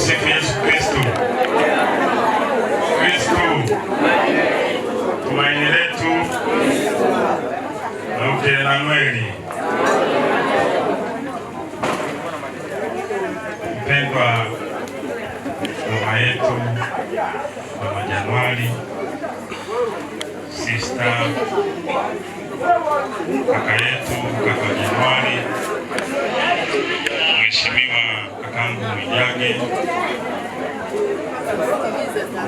Sifu Yesu Kristo. Kristo tumaini letu, mke na mweli. Mpendwa mama yetu mama Januari, sista kaka yetu kaka Januari Mwijage,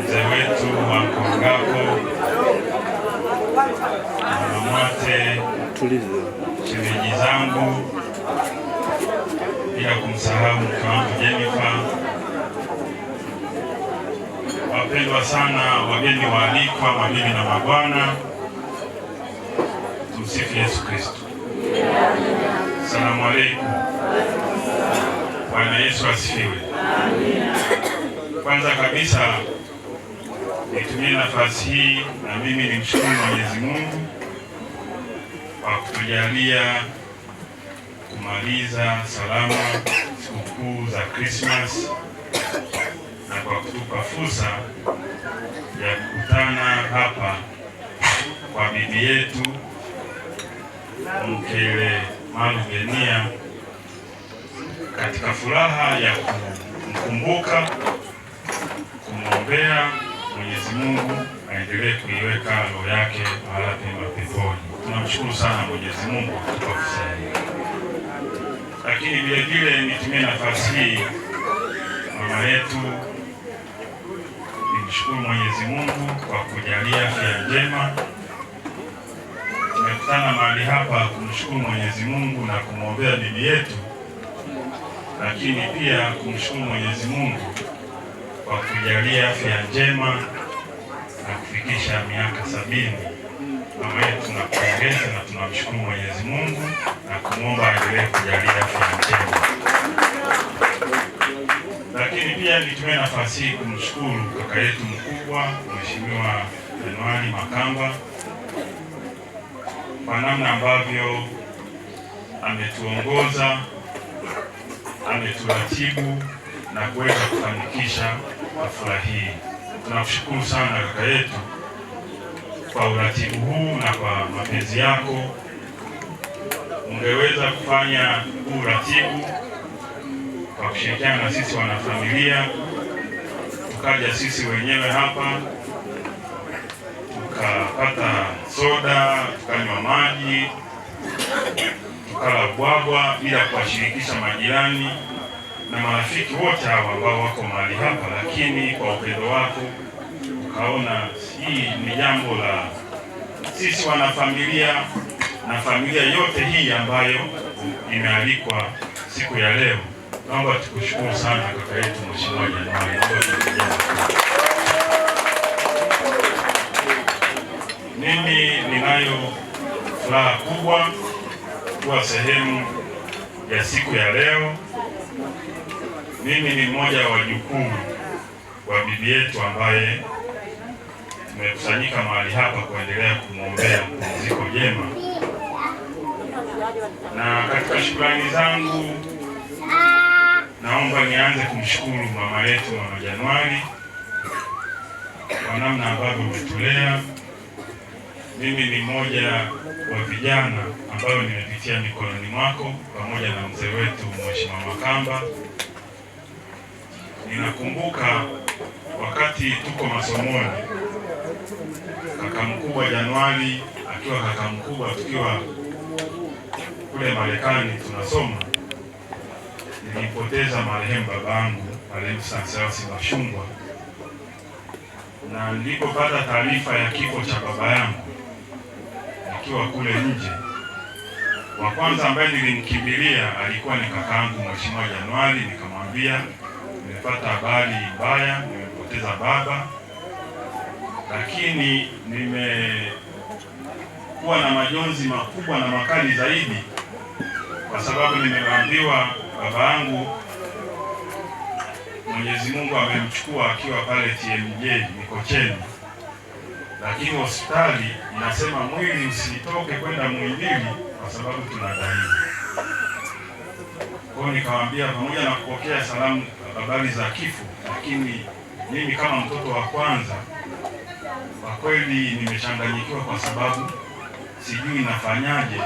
mzee wetu wa Kongako, Mwamwate, shemeji zangu, bila kumsahau mke wangu Jenifa, wapendwa sana, wageni waalikwa, mabibi na mabwana, tumsifu Yesu Kristo. Salamu alaikum. Bwana Yesu asifiwe. Kwanza kabisa nitumie nafasi hii na mimi nimshukuru Mwenyezi Mungu kwa kutujalia kumaliza salama sikukuu za Christmas na kwa kutupa fursa ya kukutana hapa kwa bibi yetu Mkelemanu Benia katika furaha ya kumkumbuka, kumwombea Mwenyezi Mungu aendelee kuiweka roho yake mahala pema peponi. Tunamshukuru sana Mwenyezi Mungu kwa fursa hii, lakini vile vile nitumie nafasi hii mama yetu nimshukuru Mwenyezi Mungu kwa kujalia afya njema. Tumekutana mahali hapa kumshukuru Mwenyezi Mungu na kumwombea bibi yetu lakini pia kumshukuru Mwenyezi Mungu kwa kujalia afya njema na kufikisha miaka sabini mama yetu. Tunapongeza na tunamshukuru Mwenyezi Mungu na kumwomba aendelee kujalia afya njema. Lakini pia nitumie nafasi hii kumshukuru kaka yetu mkubwa Mheshimiwa Januari Makamba kwa namna ambavyo ametuongoza ameturatibu na kuweza kufanikisha hafla hii. Tunakushukuru sana kaka yetu kwa uratibu huu na kwa mapenzi yako. Ungeweza kufanya huu uratibu kwa kushirikiana na sisi wanafamilia, tukaja sisi wenyewe hapa tukapata soda, tukanywa maji kala bwabwa bila kuwashirikisha majirani na marafiki wote hawa ambao wako mahali hapa, lakini kwa upendo wako ukaona hii ni jambo la sisi wanafamilia na familia yote hii ambayo imealikwa siku ya leo. Naomba tukushukuru sana kaka yetu Mheshimiwa Januari. Mimi ninayo furaha kubwa kuwa sehemu ya siku ya leo. Mimi ni mmoja wa jukuu wa bibi yetu ambaye tumekusanyika mahali hapa kuendelea kumwombea pumziko jema, na katika shukrani zangu naomba nianze kumshukuru mama yetu Mama Januari kwa namna ambavyo umetulea. Mimi ni mmoja wa vijana ambayo nimepitia mikononi mwako pamoja na mzee wetu Mheshimiwa Makamba. Ninakumbuka wakati tuko masomoni, kaka mkubwa Januari akiwa kaka mkubwa, tukiwa kule Marekani tunasoma, nilipoteza marehemu babangu marehemu Stanislaus Bashungwa, na nilipopata taarifa ya kifo cha baba yangu nikiwa kule nje wa kwanza ambaye nilimkimbilia alikuwa ni kakaangu Mheshimiwa Januari, nikamwambia nimepata habari mbaya, nimepoteza baba, lakini nimekuwa na majonzi makubwa na makali zaidi kwa sababu nimeambiwa baba yangu Mwenyezi Mungu amemchukua akiwa pale TMJ Mikocheni, lakini hospitali inasema mwili usitoke kwenda Muhimbili kwa sababu tunadaiwa. Kwa hiyo nikamwambia, pamoja na kupokea salamu habari za kifo, lakini mimi kama mtoto wa kwanza kwa kweli nimechanganyikiwa kwa sababu sijui nafanyaje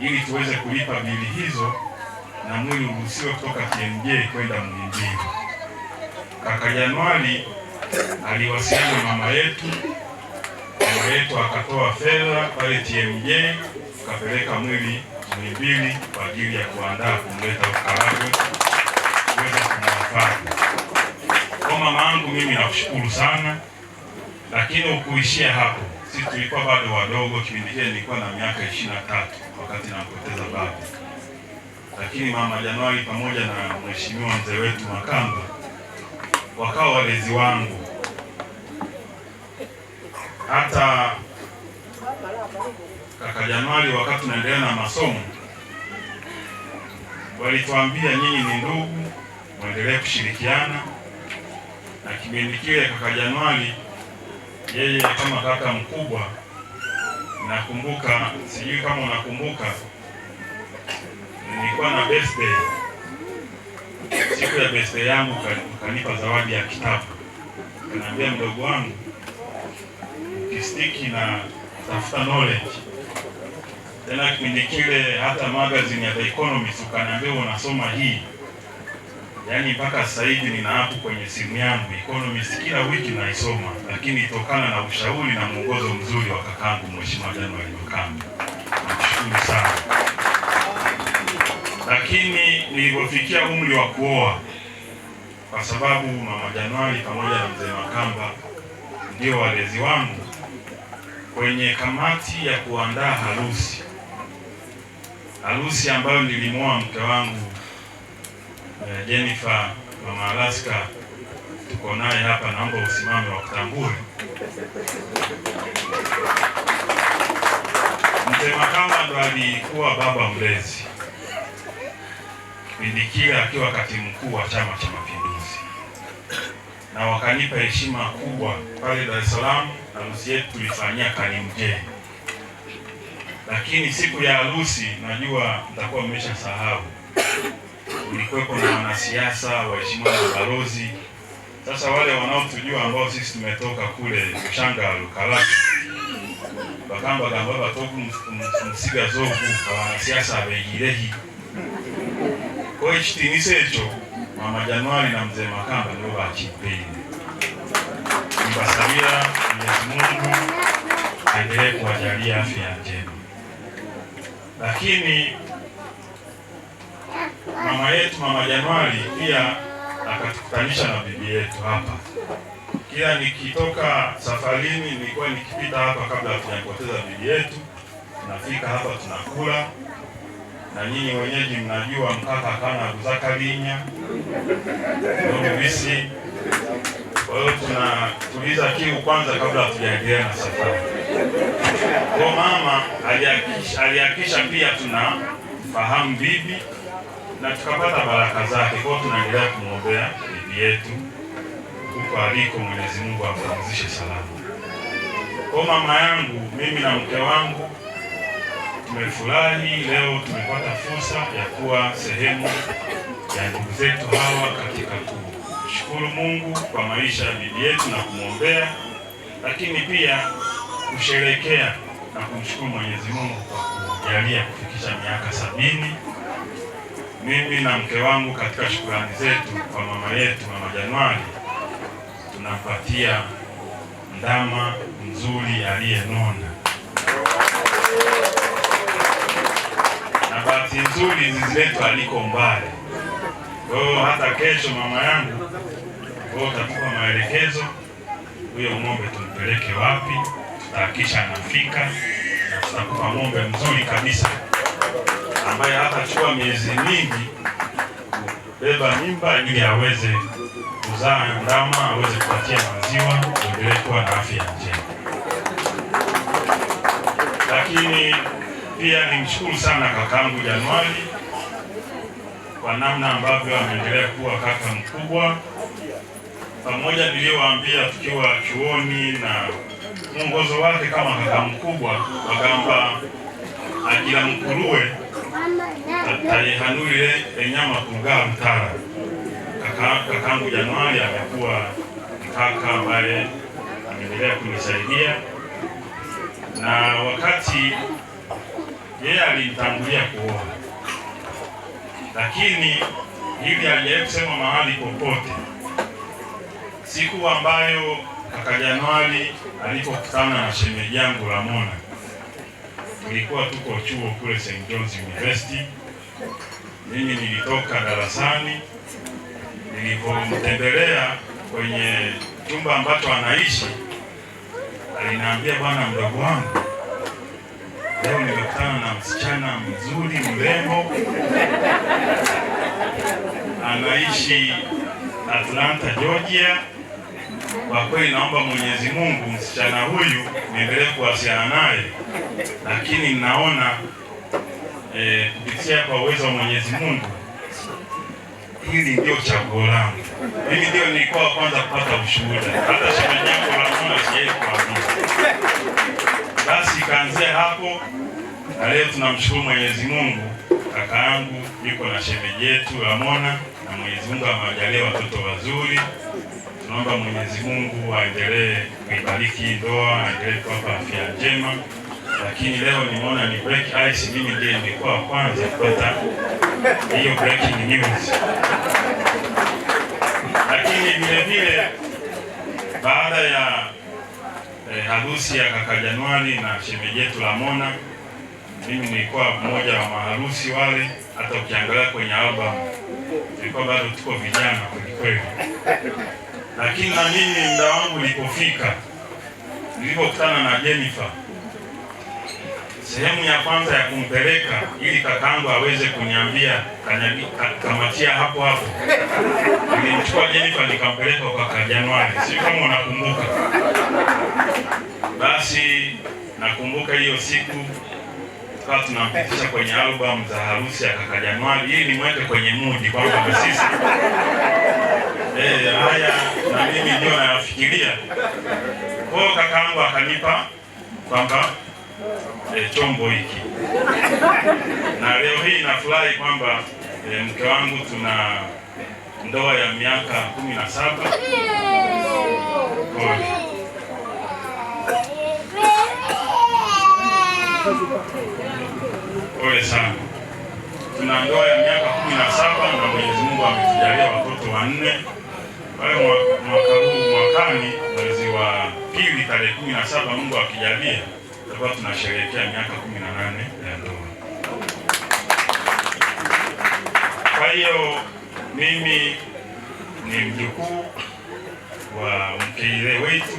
ili tuweze kulipa bili hizo na mwili uruhusiwe kutoka TMJ kwenda Muhimbili. Kaka Januari aliwasiliana mama yetu, mama yetu akatoa fedha pale TMJ tukapeleka mwili Muhimbili kwa ajili ya kuandaa kumleta Karagwe kuweza kumhifadhi. Kwa mama yangu mimi nakushukuru sana, lakini ukuishia hapo. Sisi tulikuwa bado wadogo, kipindi kile nilikuwa na miaka ishirini na tatu wakati nampoteza baba, lakini mama Januari pamoja na mheshimiwa mzee wetu Makamba wakawa walezi wangu hata kaka Januari, wakati tunaendelea na masomo, walituambia nyinyi ni ndugu, mwendelee kushirikiana na kipindi kile. Kaka Januari yeye kama kaka mkubwa, nakumbuka, sijui kama unakumbuka, nilikuwa na birthday siku ya birthday yangu kanipa zawadi ya kitabu, kanaambia mdogo wangu ukistiki na tafuta knowledge tena kipindi kile hata magazine ya The Economist ukaniambia unasoma hii, yaani mpaka sasa hivi nina hapo kwenye simu yangu Economist, kila wiki naisoma, lakini tokana na ushauri na mwongozo mzuri wa kakangu Mheshimiwa januari Makamba, nashukuru sana. Lakini nilipofikia umri wa kuoa, kwa sababu mama Januari pamoja na mzee Makamba ndio walezi wangu kwenye kamati ya kuandaa harusi harusi ambayo nilimwoa mke wangu eh, Jennifer mama Alaska, tuko naye hapa, naomba usimame wa kutambue msema kama ndo alikuwa baba mlezi kipindi kile akiwa katibu mkuu wa Chama cha Mapinduzi, na wakanipa heshima kubwa pale Dar es Salaam. Harusi yetu tulifanyia Karimjee lakini siku ya harusi najua mtakuwa sahau ulikuwepo na wanasiasa, waheshimiwa mabalozi. Sasa wale wanaotujua ambao sisi tumetoka kule wa Lukalaki bakambagamba batoku msiga zovu abanasiasa abegirehi ko ekitiniisa mama Januari na mzee Makamba nio bakipei. Mbasamira, Mwenyezi Mungu aendelee kuwajalia afya njema. Lakini mama yetu mama Januari pia akatukutanisha na bibi yetu hapa. Kila nikitoka safarini nilikuwa nikipita hapa kabla ya kujapoteza bibi yetu, nafika hapa tunakula na nyinyi wenyeji mnajua mkaka kana kuzakalinya visi Kwa hiyo tunatuliza kiu kwanza kabla hatujaendelea na safari. Kwa mama alihakikisha pia tuna fahamu bibi na tukapata baraka zake. Kwa tunaendelea kumwombea bibi yetu huko aliko, Mwenyezi Mungu ampumzishe salama. Kwa mama yangu mimi na mke wangu tumefurahi leo tumepata fursa ya kuwa sehemu ya ndugu zetu hawa katika kumshukuru Mungu kwa maisha ya bibi yetu na kumwombea, lakini pia kusherekea na kumshukuru Mwenyezi Mungu kwa kujalia kufikisha miaka sabini. Mimi na mke wangu katika shukrani zetu kwa mama yetu Mama Januari tunampatia ndama mzuri aliyenona, na bahati nzuri zizi letu aliko mbali. Kwa hiyo hata kesho mama yangu, kwa hiyo maelekezo huyo ng'ombe tumpeleke wapi na kisha anafika na tutakupa ng'ombe mzuri kabisa ambaye hatachukua miezi mingi beba mimba ili aweze kuzaa ndama, aweze kupatia maziwa, endelee kuwa na afya njema. Lakini pia nimshukuru sana kakaangu Januari kwa namna ambavyo ameendelea kuwa kaka mkubwa, pamoja niliyowaambia tukiwa chuoni na mwongozo wake kama e kaka mkubwa, wagamba ajira mkuruwe tayihanurire enyama kungaa mtara. Kakangu Januari amekuwa kaka ambaye ameendelea kunisaidia na wakati yeye alinitangulia kuoa, lakini hili alijawahi kusema mahali popote. Siku ambayo kaka Januari alipokutana na shemeji yangu Ramona, tulikuwa tuko chuo kule St John's University. Mimi nilitoka darasani, nilipomtembelea kwenye chumba ambacho anaishi aliniambia, bwana mdogo wangu, leo nimekutana na msichana mzuri mrembo anaishi Atlanta Georgia kwa kweli naomba Mwenyezi Mungu msichana huyu niendelee kuwasiliana naye, lakini naona e, eh, kupitia kwa uwezo wa Mwenyezi Mungu hili ndio chaguo langu. Mimi ndio nilikuwa kwanza kupata ushuhuda, hata shemeji yangu la sijai kuamua. Basi kaanzia hapo na leo tunamshukuru Mwenyezi Mungu, kaka yangu yuko na shemeji yetu Ramona, na Mwenyezi Mungu amewajalia watoto wazuri. Tunaomba Mwenyezi Mungu aendelee kuibariki ndoa, aendelee kuwapa afya njema. Lakini leo nimeona ni break ice, mimi ndiye nilikuwa wa kwanza kupata hiyo breaking news. Lakini vile vile baada ya eh, harusi ya kaka Januari na shemeji yetu Lamona, mimi nilikuwa mmoja wa maharusi wale. Hata ukiangalia kwenye album tulikuwa bado tuko vijana kwelikweli lakini na mimi muda wangu ulipofika, nilipokutana na Jennifer, sehemu ya kwanza ya kumpeleka ili kakaangu aweze kuniambia kamatia hapo hapo, nilimchukua Jennifer nikampeleka kwa Januari, si kama unakumbuka. Basi nakumbuka hiyo siku tukawa tunampitisha kwenye albamu za harusi ya kaka Januari ili nimweke kwenye mudi kwamba sisi Eh, haya na mimi ndio nayafikiria. Kwa hiyo yangu akanipa kwamba e, chombo hiki, na leo hii nafurahi kwamba e, mke wangu tuna ndoa ya miaka kumi na saba Pole sana. Tuna ndoa ya miaka kumi na saba na Mwenyezi Mungu ametujalia watoto wanne wale mwaka huu mwakani, mwezi wa pili tarehe kumi na saba, Mungu akijalia, tutakuwa tunasherehekea miaka kumi na nane ya ndoa. Kwa hiyo mimi ni mjukuu wa mkeile wetu,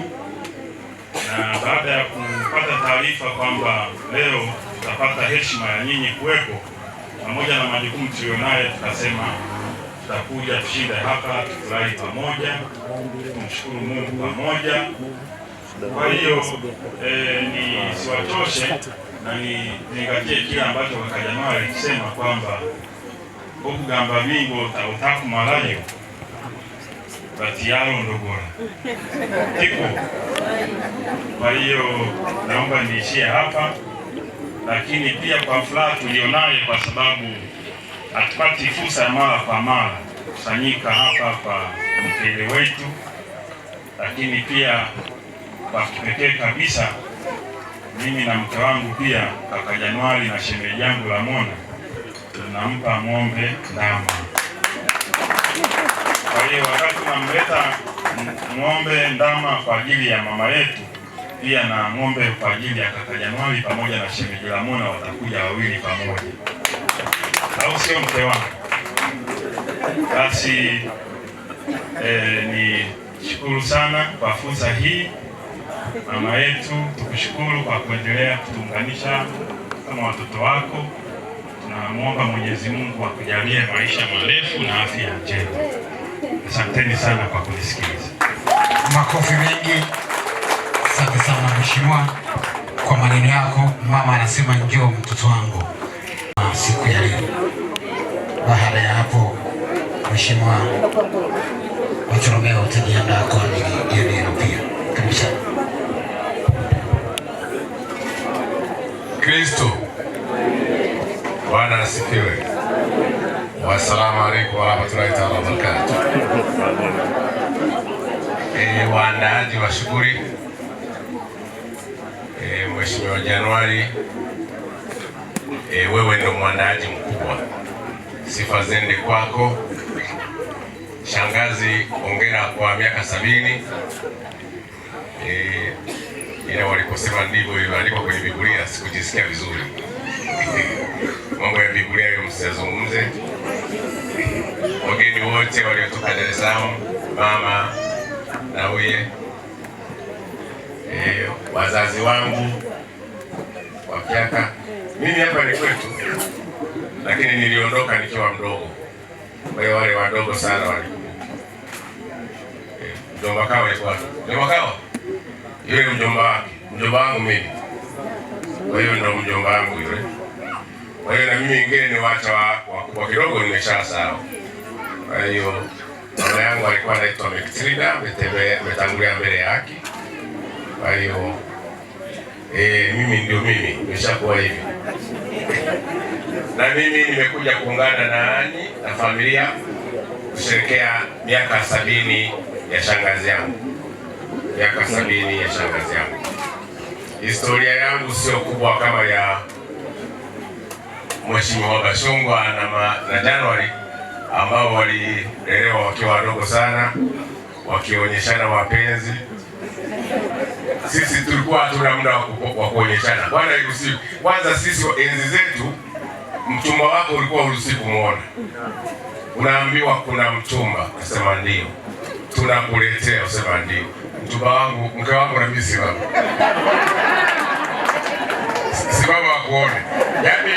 na baada ya kupata taarifa kwamba leo tutapata heshima ya nyinyi kuwepo pamoja na majukumu tulionayo, tukasema tutakuja tushinde hapa, tufurahi pamoja, tumshukuru Mungu pamoja. Kwa hiyo eh, ni siwachoshe na nizingatie kile ambacho kaka jamaa alikisema kwamba okugamba mingo utakumalayo batiyalo ndogora tiko. Kwa hiyo naomba niishie hapa, lakini pia kwa furaha tulionayo kwa sababu hatupati fursa ya mara kwa mara kusanyika hapa kwa mtende wetu, lakini pia kwa kipekee kabisa mimi na mke wangu pia kaka Januari na shemeji yangu Lamona tunampa ng'ombe ndama. Kwa hiyo wakati tunamleta ng'ombe ndama kwa ajili ya mama yetu pia na ng'ombe kwa ajili ya kaka Januari pamoja na shemeji Lamona, watakuja wawili pamoja au sio, mke wangu? Basi eh, ni shukuru sana kwa fursa hii mama yetu, tukushukuru kwa kuendelea kutuunganisha kama watoto wako. Tunamwomba Mwenyezi Mungu akujalie maisha marefu na afya njema. Asanteni sana kwa kunisikiliza. Makofi mengi. Asante sana mheshimiwa kwa maneno yako. Mama anasema njoo mtoto wangu siku ya leo. Baada ya hapo, Mheshimiwa Bartolomeo utajiandaa kwa ajili ya neno pia. Karibu sana. Kristo Bwana asifiwe. Wassalamu alaikum warahmatullahi taala wabarakatuh. E, waandaaji wa shughuli e, Mheshimiwa Januari e, wewe ndo mwandaji mkubwa, sifa zende kwako. Shangazi, ongera kwa miaka sabini. E, ila waliposema ndivyo ilivyoandikwa kwenye Biblia sikujisikia vizuri mambo ya Biblia hiyo msizungumze. Wageni wote waliotoka Dar es Salaam, mama nauye, e, eh, wazazi wangu wapyaka mimi hapa ni kwetu, lakini niliondoka nikiwa mdogo, kwa hiyo wale wadogo sana wali eh, mjomba kawa alikuwa mjomba kawa, yule mjomba wake mjomba wangu mimi, kwa hiyo ndo mjomba wangu yule. Kwa hiyo na mimi ingine ni wacha wakubwa kidogo, nimesha sawa. Kwa hiyo mama yangu alikuwa anaitwa Mektrida, ametangulia mbele yake, kwa hiyo e, mimi ndio mimi nimeshakuwa hivi na mimi nimekuja kuungana na nani na familia kusherekea miaka sabini ya shangazi yangu, miaka sabini ya shangazi yangu. Historia yangu sio kubwa kama ya Mheshimiwa Bashungwa na January ambao walilelewa wakiwa wadogo sana, wakionyeshana wapenzi sisi tulikuwa hatuna muda wa kuonyeshana. Bwana iruhusiwe kwanza, sisi enzi zetu mchumba wako ulikuwa uruhusi kumwona, unaambiwa kuna mchumba, nasema ndio, tunakuletea, usema ndio, mchumba wangu, mke wangu na mimi simama simama wakuone. Yaani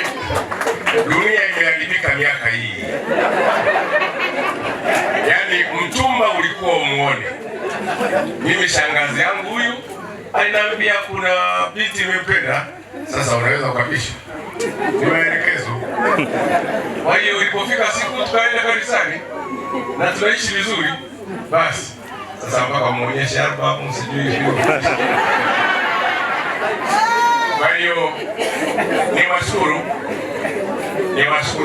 dunia imeadimika miaka hii, yaani mchumba ulikuwa umuone. Mimi shangazi yangu huyu Aliniambia kuna binti nimependa, sasa unaweza ukapisha maelekezo. Kwa hiyo ilipofika siku tukaenda kanisani na tunaishi vizuri, basi sasa mpaka muonyeshe hapa msijui. Kwa hiyo ni niwashukuru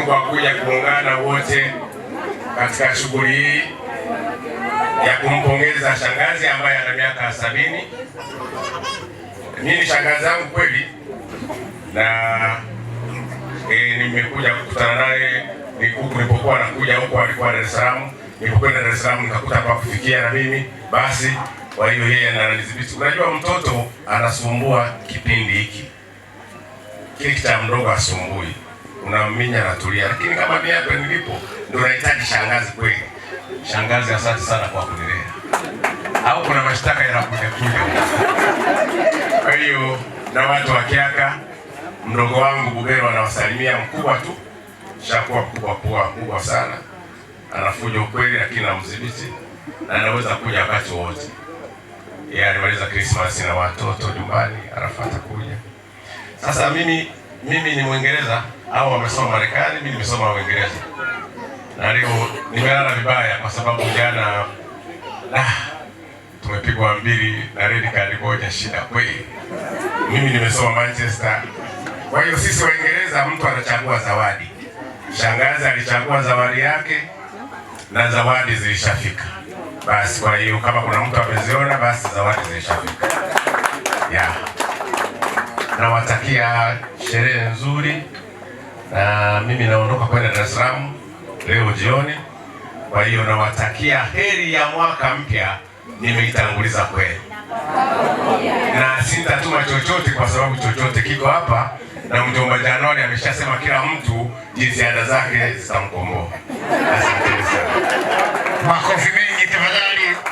kwa kuja kuungana wote katika shughuli hii ya kumpongeza shangazi ambaye ana miaka sabini. Mimi shangazi yangu kweli na e, nimekuja kukutana naye nilipokuwa nakuja huko, alikuwa Dar es Salaam, nilipokwenda Dar es Salaam nikakuta hapa kufikia na mimi basi. Kwa hiyo yeye ananidhibiti. Unajua mtoto anasumbua kipindi hiki, kile cha mdogo asumbui, unamminya natulia, lakini kama mimi hapa nilipo ndio nahitaji shangazi kweli. Shangazi, asante sana kwa kunilea, au kuna mashtaka kuja. Kwa hiyo na watu wa Kyaka, mdogo wangu Bubero anawasalimia mkubwa tu, shakuwa kubwa kubwa kubwa sana, anafuja ukweli lakini namdhibiti na anaweza kuja wakati wote. Yeye alimaliza Christmas na watoto nyumbani, anafata kuja. Sasa mimi mimi ni Mwingereza au wamesoma Marekani, mimi nimesoma Uingereza yaani nimelala vibaya kwa sababu jana ah, tumepigwa mbili na red card moja, shida kweli. Mimi nimesoma Manchester, kwa hiyo sisi Waingereza mtu anachagua zawadi. Shangazi alichagua zawadi yake na zawadi zilishafika basi. Kwa hiyo kama kuna mtu ameziona, basi zawadi zilishafika yeah. Nawatakia sherehe nzuri, na mimi naondoka kwenda Dar es Salaam leo jioni. Kwa hiyo nawatakia heri ya mwaka mpya, nimeitanguliza kweli, na sintatuma chochote kwa sababu chochote kiko hapa, na mjomba Januari ameshasema kila mtu jitihada zake zitamkomboa. Asante sana. Makofi mengi tafadhali.